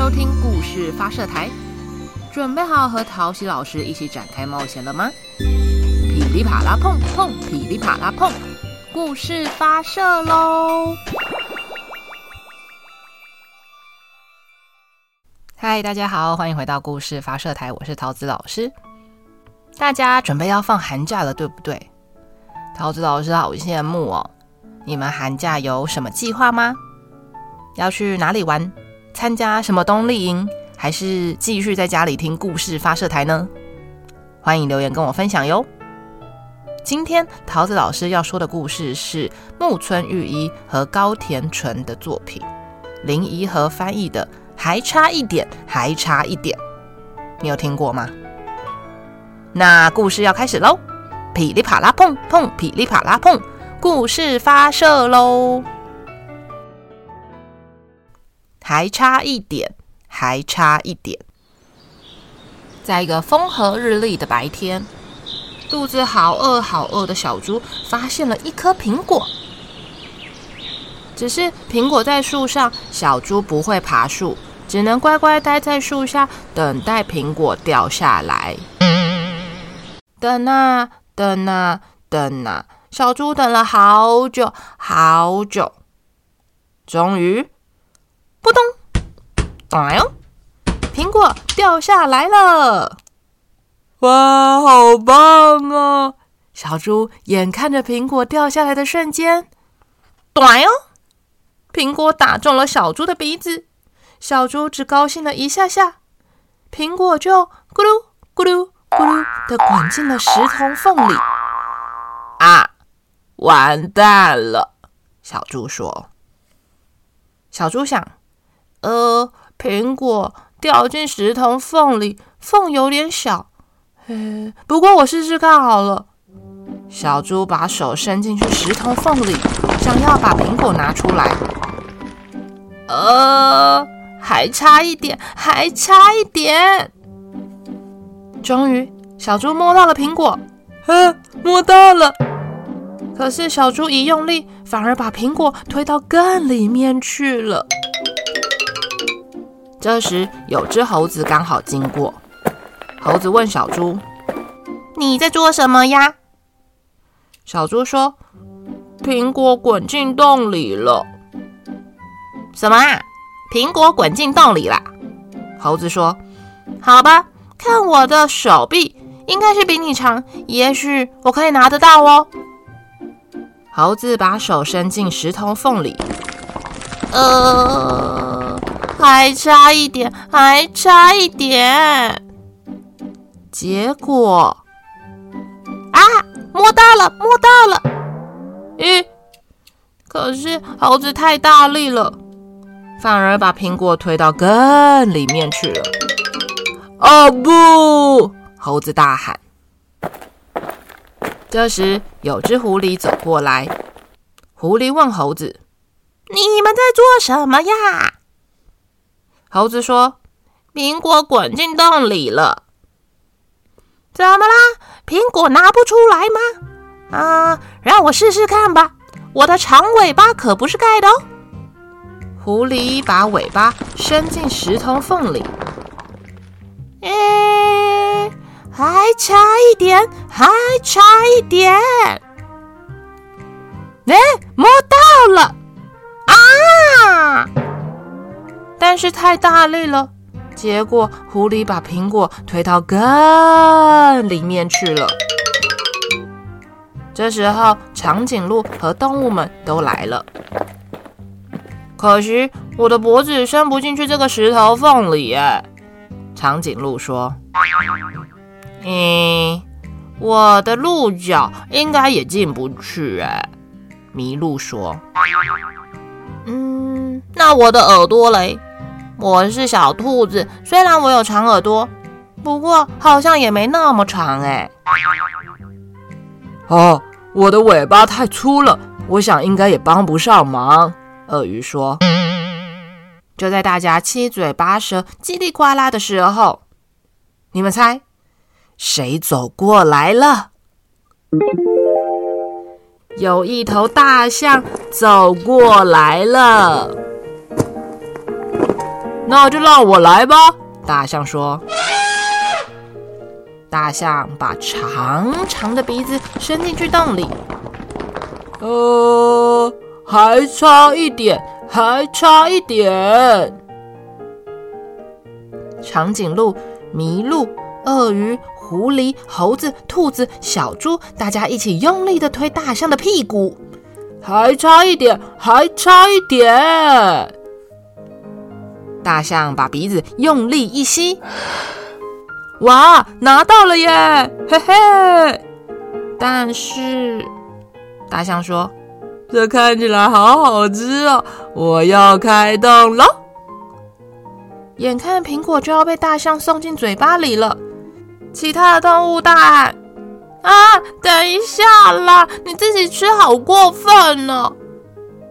收聽故事發射台，準備好和陶喜老師一起展開冒險了嗎？噼里啪啦碰碰，噼里啪啦碰，故事發射嘍！嗨，大家好，歡迎回到故事發射台，我是陶子老師。大家準備要放寒假了，對不對？陶子老師好，我羨慕哦。你們寒假有什麼計劃嗎？要去哪裡玩？參加什麼冬令營，還是繼續在家裡聽故事發射台呢？歡迎留言跟我分享喲。今天桃子老師要說的故事是木村裕一和高畠純的作品，林怡和翻譯的，還差一點，還差一點。你有聽過嗎？那故事要開始嘍！噼里啪啦碰碰，噼,噼里啪啦碰，故事發射嘍！還差一點，還差一點。在一個風和日麗的白天，肚子好餓、好餓的小豬發現了一顆蘋果。只是蘋果在樹上，小豬不會爬樹，只能乖乖待在樹下，等待蘋果掉下來。嗯、等啊，等啊，等啊！小豬等了好久好久，終於。撲通！咚！蘋果掉下來了。哇，好棒啊！小豬眼看着蘋果掉下來的瞬間，咚！蘋果打中了小豬的鼻子。小豬只高興了一下下，蘋果就咕嚕咕嚕咕嚕，咕嚕的滾進了石頭縫裡。啊，完蛋了！小豬說。小豬想。呃，蘋果掉進石頭縫裡，縫有點小。嗯，不過我試試看好了。小豬把手伸進去石頭縫裡，想要把蘋果拿出來。呃，還差一點，還差一點。終於，小豬摸到了蘋果，呵，摸到了。可是小豬一用力，反而把蘋果推到更裡面去了。這時，有隻猴子剛好經過。猴子問小豬：“你在做什麼呀？”小豬說：“蘋果滾進洞裡了。”“什麼啊？蘋果滾進洞裡啦？”猴子說：“好吧，看我的手臂，應該是比你長，也許我可以拿得到哦。”猴子把手伸進石頭縫裡，呃。呃還差一點，還差一點，結果啊，摸到了，摸到了！咦，可是猴子太大力了，反而把蘋果推到更裡面去了。哦不！猴子大喊。這時，有只狐狸走過來，狐狸問猴子：“你們在做什麼呀？”猴子說：“蘋果滾進洞裡了，怎麼啦？蘋果拿不出來嗎？”啊、呃，讓我試試看吧，我的長尾巴可不是蓋的哦。狐狸把尾巴伸進石頭縫裡，哎，還差一點，還差一點，哎，摸到了。是太大力了，結果狐狸把蘋果推到更裡面去了。這時候，長頸鹿和動物們都來了。可惜我的脖子伸不進去這個石頭縫裡、哎，誒，長頸鹿說：“嗯，我的鹿角應該也進不去、哎。”誒，麋鹿說：“嗯，那我的耳朵嘞？”我是小兔子，雖然我有長耳朵，不過好像也沒那麼長誒。哎，哦，我的尾巴太粗了，我想應該也幫不上忙。鱷魚說。就在大家七嘴八舌嘰里呱啦的時候，你們猜誰走過來了？嗯？有一頭大象走過來了。那就讓我來吧，大象說。大象把長長的鼻子伸進去洞裡，呃，還差一點，還差一點。長頸鹿、麋鹿、鱷魚、狐狸、猴子、兔子、小豬，大家一起用力的推大象的屁股，還差一點，還差一點。大象把鼻子用力一吸，哇，拿到了耶，嘿嘿！但是，大象說：“這看起來好好吃哦，我要開動了。”眼看蘋果就要被大象送進嘴巴裡了，其他的動物大喊：“啊，等一下啦，你自己吃好過分哦！”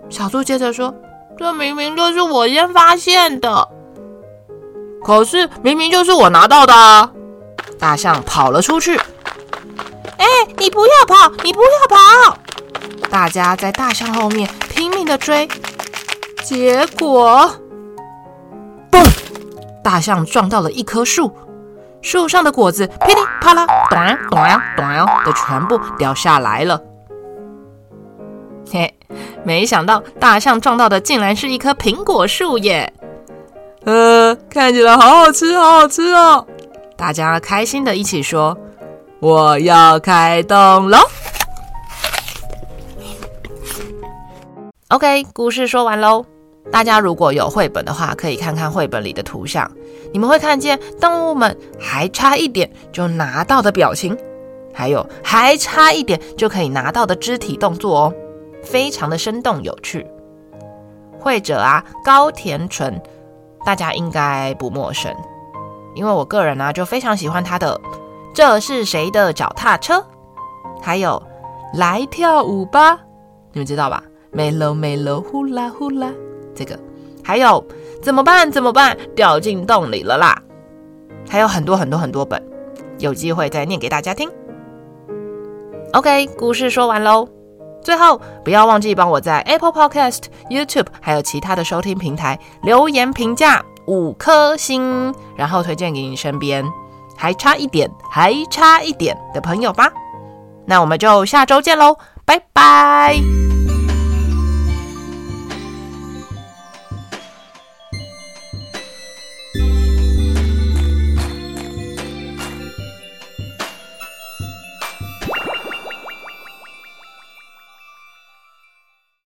小豬接着說。這明明就是我先發現的，可是明明就是我拿到的、啊。大象跑了出去，哎、欸，你不要跑，你不要跑！大家在大象後面拼命的追，結果，嘣，大象撞到了一棵樹，樹上的果子噼里啪啦、咚咚咚的全部掉下來了。嘿。沒想到大象撞到的竟然是一棵蘋果樹耶！呃，看起來好好吃，好好吃哦！大家開心的一起說：“我要開動嘍！”OK，故事說完嘍。大家如果有繪本的話，可以看看繪本裡的圖像，你們會看見動物們還差一點就拿到的表情，還有還差一點就可以拿到的肢體動作哦。非常的生動有趣，繪者啊高畠純，大家應該不陌生，因為我個人呢、啊、就非常喜歡他的《這是誰的腳踏車》，還有《來跳舞吧》，你們知道吧？沒嘍沒嘍呼啦呼啦，這個，還有怎麼辦怎麼辦掉進洞裡了啦，還有很多很多很多本，有機會再念給大家聽。OK，故事說完嘍。最後，不要忘記幫我在 Apple Podcast、YouTube 還有其他的收聽平台留言評價五顆星，然後推薦給你身邊還差一點、還差一點的朋友吧。那我們就下周見嘍，拜拜。